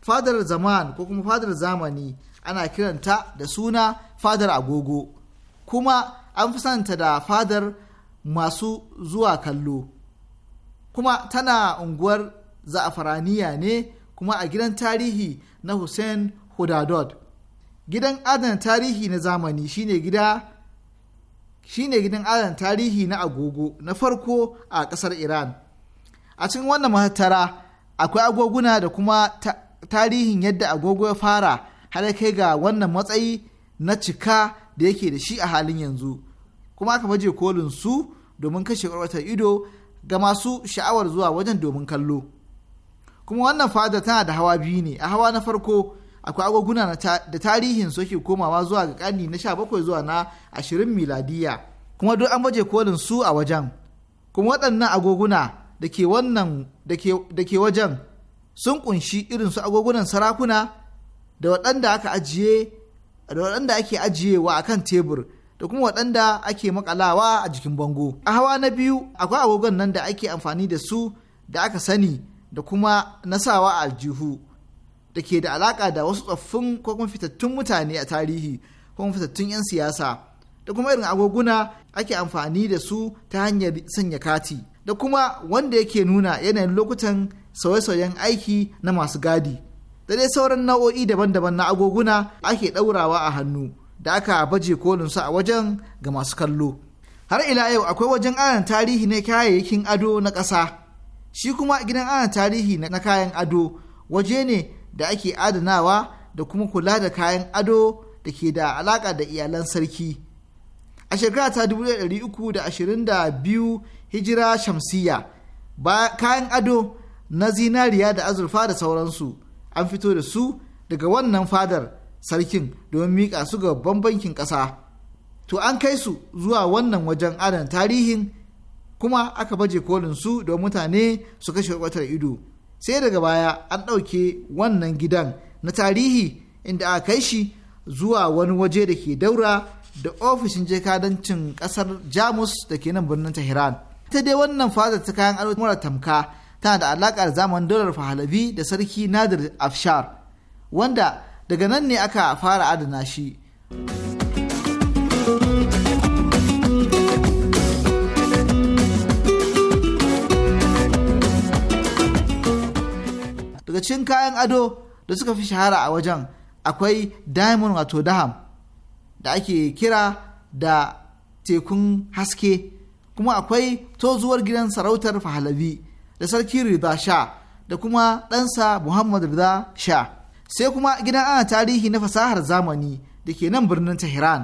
fadar zaman ko kuma fadar zamani ana kiranta da suna fadar agogo kuma an fi santa da fadar masu zuwa kallo kuma tana unguwar za'afaraniya ne kuma a gidan tarihi na hussein hudadod gidan adana tarihi na zamani shine gida shine gidan adana tarihi na agogo na farko a kasar iran a cikin wannan mahattara akwai agoguna da kuma tarihin yadda agogo ya fara har kai ga wannan matsayi na cika da yake da shi a halin yanzu kuma aka baje kolin su domin kashe ƙwarƙwatar ido ga masu sha'awar zuwa wajen domin kallo kuma wannan fada tana da hawa biyu ne a hawa na farko akwai agoguna da tarihin soke komawa zuwa ga kani na 17 zuwa na 20 miladiya kuma duk an baje kolin su a wajen kuma waɗannan agoguna da ke wajen sun kunshi irin su agogunan sarakuna da waɗanda ake ajiyewa a kan tebur da kuma waɗanda ake makalawa a jikin bango. A hawa na biyu akwai agogon nan da ake amfani da su da aka sani da kuma nasawa a aljihu da ke da alaƙa da wasu tsoffin ko kuma fitattun mutane a tarihi ko kuma fitattun 'yan siyasa da kuma irin agoguna ake amfani da su ta hanyar sanya kati da kuma wanda yake nuna yanayin lokutan sauye-sauyen aiki na masu gadi da dai sauran nau'o'i daban-daban na agoguna ake ɗaurawa a hannu. da aka baje kolin su a wajen ga masu kallo har ila yau akwai wajen ana tarihi na kayayyakin ado na ƙasa shi kuma gidan ana tarihi na kayan ado waje ne da ake adanawa da kuma kula da kayan ado da ke da alaƙa da iyalan sarki a shekara ta biyu hijira shamsiya ba kayan ado na zinariya da azurfa da sauransu an fito da su daga wannan fadar sarkin domin miƙa su ga babban bankin ƙasa to an kai su zuwa wannan wajen adana tarihin kuma aka baje kolin su don mutane su kashe kwatar ido sai daga baya an ɗauke wannan gidan na tarihi inda aka kai shi zuwa wani waje da ke daura da ofishin jakadancin ƙasar jamus da ke nan birnin tehran ta dai wannan fata ta kayan ado mara tamka tana da alaƙar zaman daular fahalabi da sarki nadir afshar wanda daga nan ne aka fara adana shi daga cikin kayan ado da suka fi shahara a wajen akwai diamond wato daham da ake kira da tekun haske kuma akwai tozuwar gidan sarautar fahalabi da sarki rida sha da kuma ɗansa muhammad rida sha sai kuma gidan ana tarihi na fasahar zamani da ke nan birnin tehran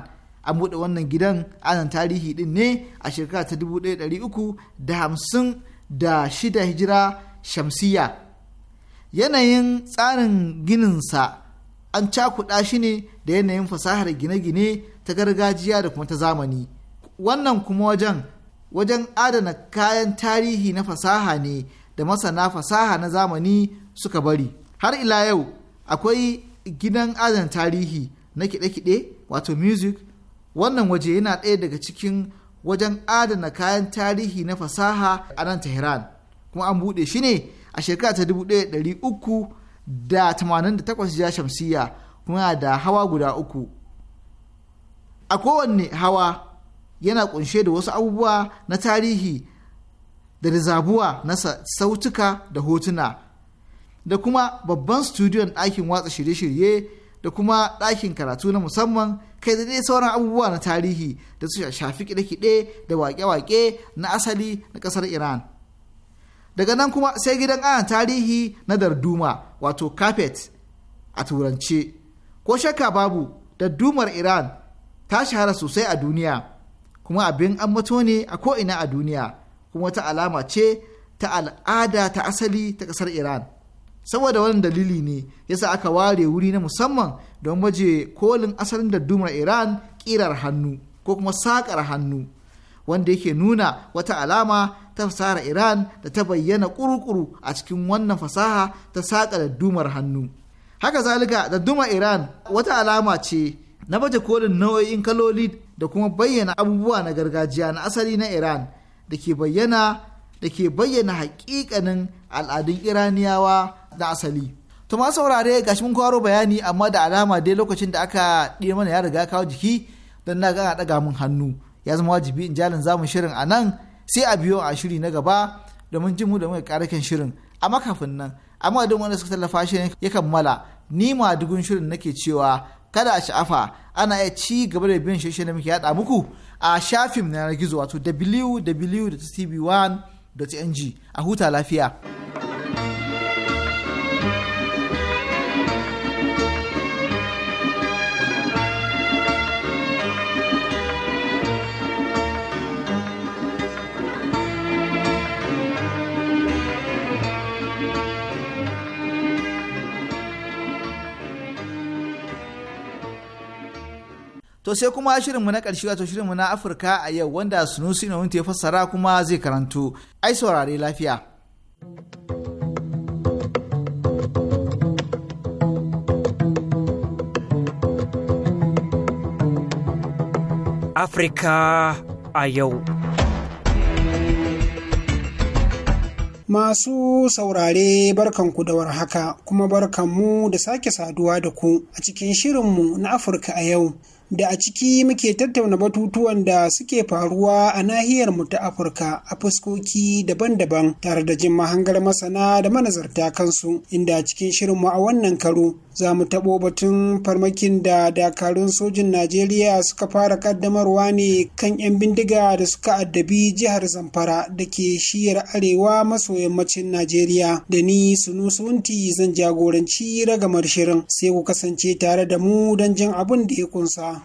an buɗe wannan gidan anan tarihi ɗin ne a shekara ta da da hamsin shida hijira shamsiya yanayin tsarin gininsa an cakuɗa shi ne da yanayin fasahar gine-gine ta gargajiya da kuma ta zamani wannan kuma wajen wajen adana kayan tarihi na fasaha ne da masana fasaha na zamani suka bari har ila yau akwai gidan adana tarihi na kiɗe-kiɗe wato music wannan waje yana ɗaya daga cikin wajen adana kayan tarihi na fasaha a nan tehran kuma an buɗe shi ne a shekara ta 1388 ya shamsiya kuma da hawa guda uku a kowanne hawa yana kunshe da wasu abubuwa na tarihi da zabuwa na sautuka da hotuna da kuma babban studiyon ɗakin watsa shirye-shirye da kuma ɗakin karatu na musamman kai da dai sauran abubuwa na tarihi da su shafi kiɗe-kiɗe da waƙe-waƙe na asali na ƙasar iran daga nan kuma sai gidan ana tarihi na darduma wato carpet a turance ko shakka babu dardumar iran ta shahara sosai a duniya kuma abin ambato ne a ko'ina a duniya kuma ta alama ce ta al'ada ta asali ta ƙasar iran saboda wannan dalili ne yasa aka ware wuri na musamman don baje kolin asalin da dumar iran kirar hannu ko kuma sakar hannu wanda yake nuna wata alama ta fasahar iran da ta bayyana kurukuru a cikin wannan fasaha ta saƙa da dumar hannu haka zalika da dumar iran wata alama ce na baje kolin nau'o'in kaloli da kuma bayyana abubuwa na gargajiya na asali na iran da da ke bayyana hakikanin al'adun iraniyawa na asali to ma saurare gashi mun kwaro bayani amma da alama dai lokacin da aka ɗi mana ya riga kawo jiki don na ga ɗaga mun hannu ya zama wajibi in jalin zamu shirin a nan sai a biyo a shiri na gaba domin jin mu da muka karakin shirin amma kafin nan amma don wanda suka tallafa shi ya kammala ni ma dugun shirin nake cewa kada a sha'afa ana iya ci gaba da biyan shirye da muke yada muku a shafin na gizo wato www.tv1.ng a huta lafiya. To sai kuma shirinmu na ƙarshe wato shirinmu na Afirka a yau wanda Sunusi na ya fassara kuma zai karantu. Ai saurare lafiya. Afirka a yau. Masu saurare barkanku da warhaka kuma barkanmu da sake saduwa da ku a cikin shirinmu na Afirka a yau. da a ciki muke tattauna batutuwan da suke faruwa a nahiyar mu ta Afirka a fuskoki daban-daban tare da jin mahangar masana da manazarta kansu inda a cikin shirinmu a wannan karo za mu taɓo batun farmakin da dakarun sojin najeriya suka fara kaddamarwa ne kan 'yan bindiga da suka addabi jihar zamfara da ke shiyar arewa maso yammacin najeriya da ni sunu sunti zan jagoranci ragamar shirin sai ku kasance tare da mu don jin abin da ya kunsa.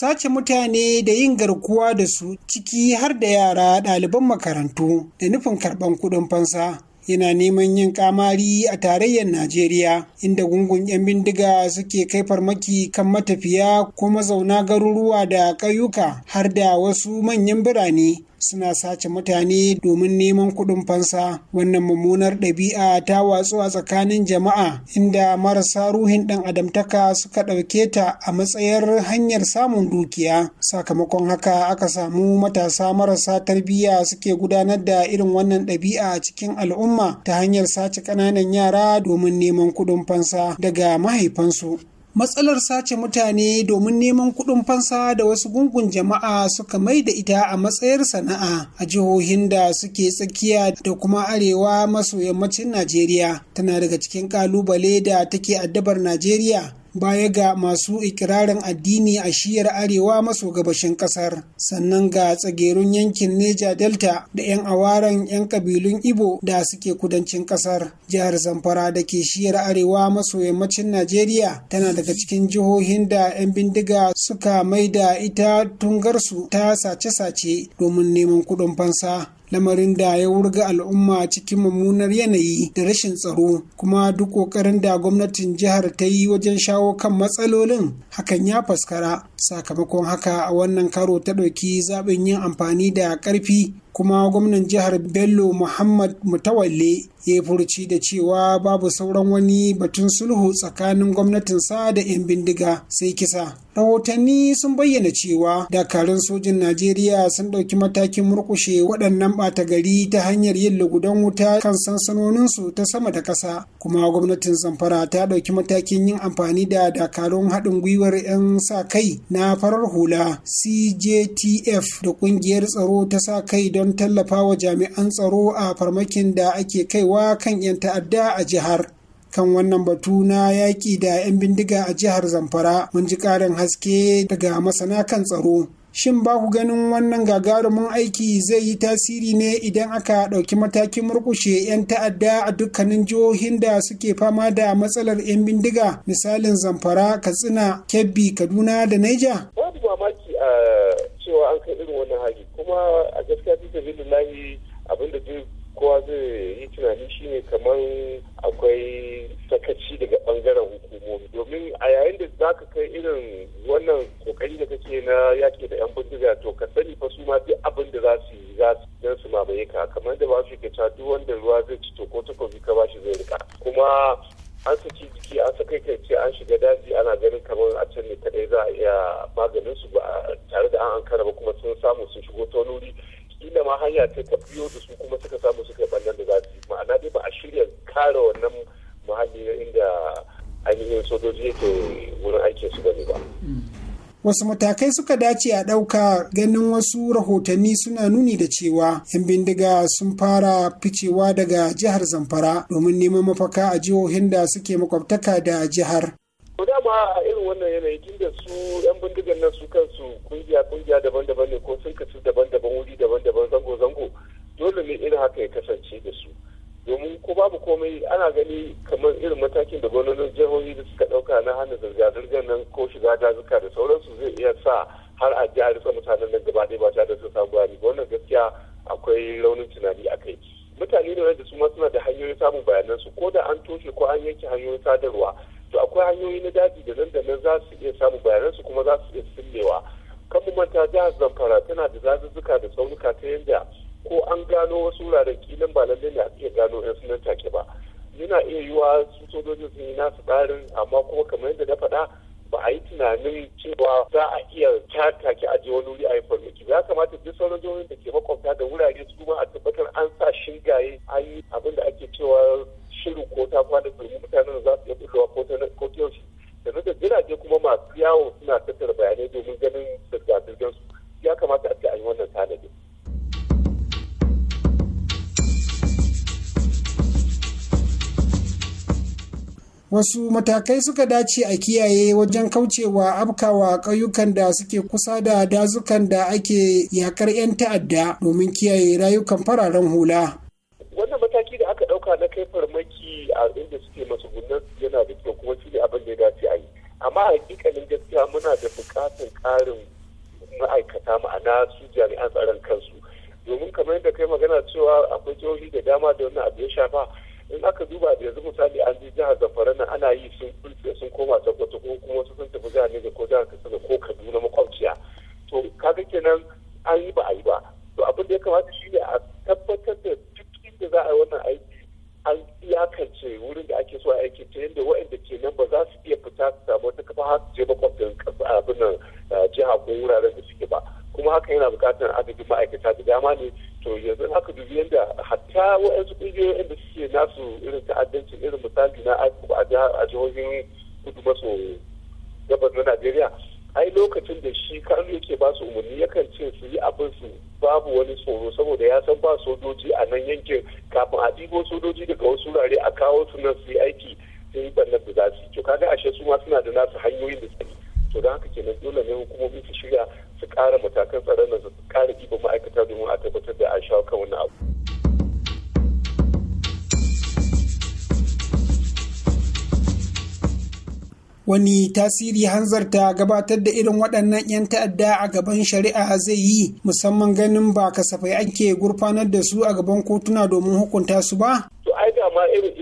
sace mutane da yin garkuwa da su ciki har da yara ɗaliban makarantu da nufin karɓan kuɗin fansa yana neman yin kamari a tarayyar Najeriya inda gungun 'yan bindiga suke kai farmaki kan matafiya ko mazauna garuruwa da ƙauyuka har da wasu manyan birane suna sace mutane domin neman kuɗin fansa wannan mummunar ɗabi'a ta watsu a tsakanin jama'a inda marasa ruhin ɗan adamtaka suka ɗauke ta a matsayar hanyar samun dukiya sakamakon haka aka samu matasa marasa tarbiyya suke gudanar da irin wannan ɗabi'a a cikin al'umma ta hanyar sace ƙananan yara domin neman kuɗin fansa daga mahaifansu matsalar sace mutane domin neman kuɗin fansa da wasu gungun jama'a suka mai da ita a matsayar sana'a a jihohin da suke tsakiya da kuma arewa maso yammacin najeriya tana daga cikin ƙalubale da take addabar najeriya baya ga masu ikirarin addini a shiyar arewa maso gabashin kasar sannan ga tsagerun yankin neja delta da 'yan awaran 'yan kabilun ibo da suke kudancin kasar jihar zamfara da ke shiyar arewa maso yammacin najeriya tana daga cikin jihohin da 'yan bindiga suka mai da ita tungarsu ta sace-sace domin neman kudin fansa lamarin da ya wurga al'umma cikin mummunar yanayi da rashin tsaro kuma duk ƙoƙarin da gwamnatin jihar ta yi wajen shawo kan matsalolin hakan ya faskara sakamakon haka a wannan karo ta ɗauki zaɓin yin amfani da ƙarfi kuma gwamnan jihar bello muhammad mutawalle ya furci da cewa babu sauran wani batun sulhu tsakanin gwamnatinsa da 'yan bindiga sai kisa rahotanni sun bayyana cewa dakarun sojin najeriya sun ɗauki matakin murkushe waɗannan ɓata gari ta hanyar yin lugudan wuta kan sansanoninsu ta sama da ƙasa kuma gwamnatin zamfara ta ɗauki matakin yin amfani da dakarun haɗin gwiwar 'yan sa kai na farar hula cjtf da kungiyar tsaro ta sa kai don tallafa wa jami'an tsaro a farmakin da ake kaiwa kan 'yan ta'adda a jihar kan wannan batu na yaƙi da 'yan bindiga a jihar zamfara mun ji ƙarin haske daga masana kan tsaro shin ba ku ganin wannan gagarumin aiki zai yi tasiri ne idan aka ɗauki matakin murkushe 'yan ta'adda a dukkanin jihohin da suke fama da matsalar 'yan bindiga misalin zamfara katsina kebbi kaduna da naija babu mamaki ah, cewa an kai irin wannan hali kuma a gaskiya abinda kowa zai yi tunani shine kamar akwai sakaci daga bangaren domin a yayin da za ka kai irin wannan kokari da kake na yaki da yan bindiga to ka sani fa su ma duk abin da za su yi za su dan su mamaye ka kamar da ba su ke ta duk wanda ruwa zai ci to ko kofi ka ba shi zai rika kuma an saki jiki an saka kai ce an shiga daji ana ganin kamar a can ne kadai za a iya maganin su ba tare da an ankara ba kuma sun samu sun shigo ta wani kila ma hanya ta ta biyo da su kuma suka samu suka yi da za su yi ma'ana dai ba a shirya kare wannan muhalli inda ainihin sojoji ke wurin aikin su gani ba. wasu matakai suka dace a ɗauka ganin wasu rahotanni suna nuni da cewa 'yan bindiga sun fara ficewa daga jihar zamfara domin neman mafaka a jihohin da suke makwabtaka da jihar to dama a irin wannan yanayi tun da su 'yan bindigan nan su kansu kungiya kungiya daban-daban ne ko sun kasu daban-daban wuri daban-daban zango-zango dole ne irin haka ya kasance da su domin ko babu komai ana gani kamar irin matakin da gwamnatin jihohi da suka dauka na hana zirga-zirgar nan ko shiga dazuka da sauransu zai iya sa har a ji a rufe mutanen nan gaba ɗaya ba tare da sun samu bayani ba wannan gaskiya akwai raunin tunani a kai mutane da wanda su ma suna da hanyoyin samun bayanan su ko da an toshe ko an yanke hanyoyin sadarwa to akwai hanyoyi na daji da nan da nan za su iya samun bayanan su kuma za su iya sillewa kan mu manta jihar zamfara tana da zazuzzuka da tsaunuka ta yanda ko an gano wasu wuraren kilan ba lallai ne a SOS nan take ba yana iya yiwa su sojojin sun yi nasu tsarin amma kuma kamar yadda na faɗa ba a yi tunanin cewa za a iya ta take aje wani wuri a yi wasu matakai suka dace a kiyaye wajen kaucewa afkawa ƙauyukan da suke kusa da dazukan da ake yakar 'yan ta'adda domin kiyaye rayukan fararen hula ma suna da nasu hanyoyin da suke to don haka kenan dole ne hukumomi su shirya su kara matakan tsaron na su kara ɗiban ma'aikata domin a tabbatar da a shawo kan wannan abu. wani tasiri hanzarta gabatar da irin waɗannan 'yan ta'adda a gaban shari'a zai yi musamman ganin ba kasafai ake gurfanar da su a gaban kotuna domin hukunta su ba? To ai da irin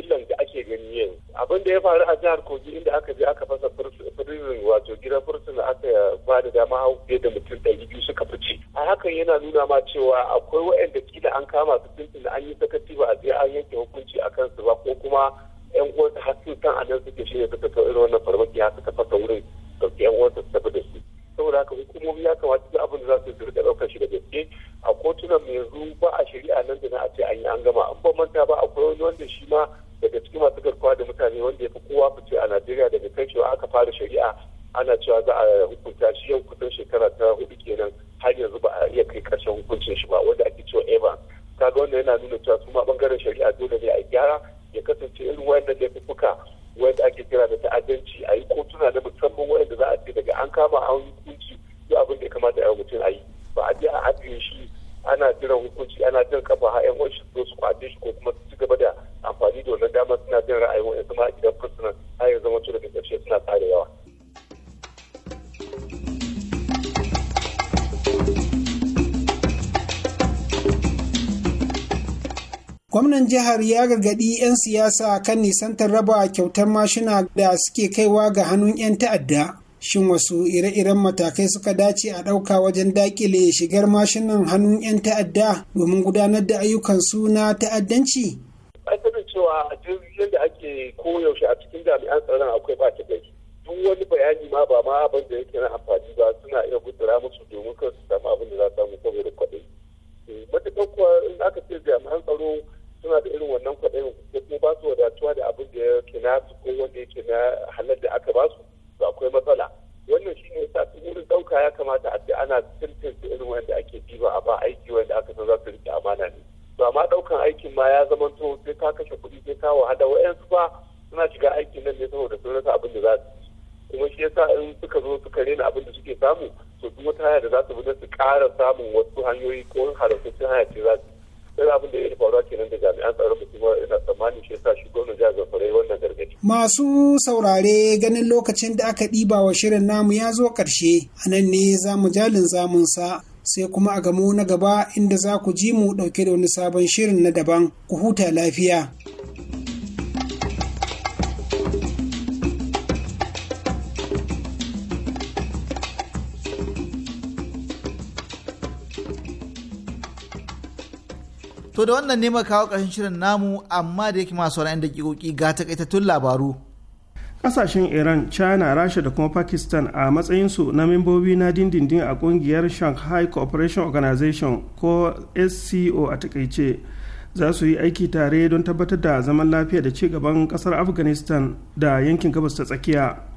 wanda ya faru a jihar kogi inda aka je aka fasa birnin wato gidan prison aka ba da dama hau fiye da mutum ɗari biyu suka fice a hakan yana nuna ma cewa akwai waɗanda kila an kama su tuntun an yi sakaci ba a je an yanke hukunci a kansu ba ko kuma yan uwansa har sun san a nan suke shi ne suka kawo irin wannan farmaki haka ta fasa wurin ɗauki yan uwansa su tafi da su saboda haka hukumomi ya kamata duk abin da za su rika ɗaukar shi da gaske a kotunan mai ba a shari'a nan da na a ce an yi an gama an ba manta ba akwai wani wanda shi ma daga cikin masu garkuwa da mutane wanda ya fi kowa fice a najeriya daga kan cewa aka fara shari'a ana cewa za a hukunta shi yau kusan shekara ta hudu kenan har yanzu ba a iya kai karshen hukuncin shi ba wanda ake cewa eva kaga wanda yana nuna cewa su ma bangaren shari'a dole ne a gyara ya kasance irin wayannan laifuka wanda ake kira da ta'addanci a yi kotuna na musamman wayanda za a ce daga an kama an hukunci duk abin da ya kamata a mutum a yi ba a je a ajiye shi ana jiran hukunci ana jiran kafa hayan yan wasu su kwaje shi ko kuma su ci gaba da amfani da wannan damar suna jin ra'ayin wani ma a gidan fursunan har ya zama daga ƙarshe suna ƙara yawa. Gwamnan jihar ya gargaɗi 'yan siyasa kan nisantar raba kyautar mashina da suke kaiwa ga hannun 'yan ta'adda. Shin wasu ire-iren matakai suka dace a ɗauka wajen daƙile shigar mashinan hannun 'yan ta'adda domin gudanar da ayyukansu na ta'addanci? cewa duk yadda ake koyaushe a cikin jami'an tsaron akwai ba ta gari duk wani bayani ma ba ma abin da yake na amfani ba suna iya gudura musu domin kan su samu abin da za su samu saboda kwaɗayi eh, matakan kuwa in aka ce jami'an tsaro suna da irin wannan kwaɗayin ko kuma ba su wadatuwa da abin da yake na su ko wanda yake na halar da aka ba su to akwai matsala wannan shine sa su wurin ɗauka ya kamata a ce ana tantance irin wanda ake diba a ba aiki wanda aka san za su rike amana ne ba ma daukan aikin ma ya zama to sai ka kashe kuɗi sai ka wahala wa'yansu ba suna shiga aikin nan ne saboda sun rasa abin da za su kuma shi yasa in suka zo suka rena abin da suke samu to duk wata hanya da za su bi su ƙara samun wasu hanyoyi ko sun hanya ce za su sai abin da ya yi faruwa kenan da jami'an tsaron mutum ina tsammanin shi yasa shi gwamnan jihar Zamfara wannan gargaɗi. Masu saurare ganin lokacin da aka ɗiba wa shirin namu ya zo ƙarshe a nan ne za mu jalin zamunsa. sai kuma a gamo na gaba inda za ku ji mu ɗauke da wani sabon shirin na daban ku huta lafiya. To da wannan ne kawo ƙarshen shirin namu amma da yake masu wani 'yan ga takaitattun labaru kasashen iran china rasha da kuma pakistan a matsayinsu na membobi na dindindin a kungiyar shanghai cooperation organization ko sco a takaice za su yi aiki tare don tabbatar da zaman lafiya da ci gaban kasar afghanistan da yankin gabas ta tsakiya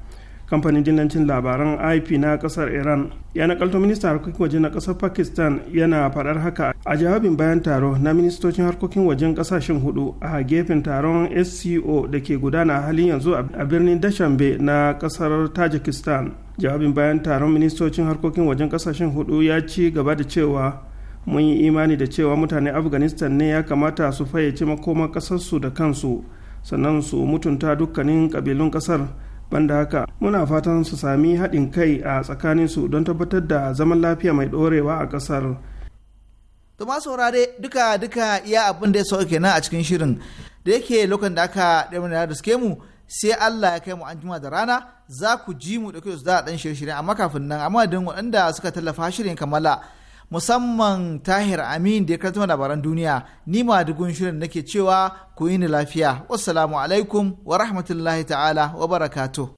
kamfanin dillancin labaran ip na kasar iran ya nakalto ministan harkokin waje na kasar pakistan yana faɗar haka a jawabin bayan taro na ministocin harkokin wajen kasashen hudu a gefen taron sco da ke gudana a halin yanzu a birnin dashambe na kasar tajikistan jawabin bayan taron ministocin harkokin wajen kasashen hudu ya ci gaba da cewa mun yi imani da cewa mutane afghanistan ne ya kamata su fayyace makoman kasarsu da kansu sannan su mutunta dukkanin kabilun kasar banda haka muna fatan su sami haɗin kai a tsakaninsu don tabbatar da zaman lafiya mai ɗorewa a ƙasar to ma saurare duka duka iya abin da ya sauke nan a cikin shirin da yake lokacin da aka ɗaya da suke mu sai Allah ya kai mu anjima da rana za ku ji mu da kyau za a ɗan shirye-shirye amma kafin nan amma don waɗanda suka tallafa shirin kamala musamman tahir amin da ya karanta labaran duniya ni ma dugun shirin nake cewa ku yi ni lafiya wassalamu alaikum wa rahmatullahi ta'ala wa barakatuh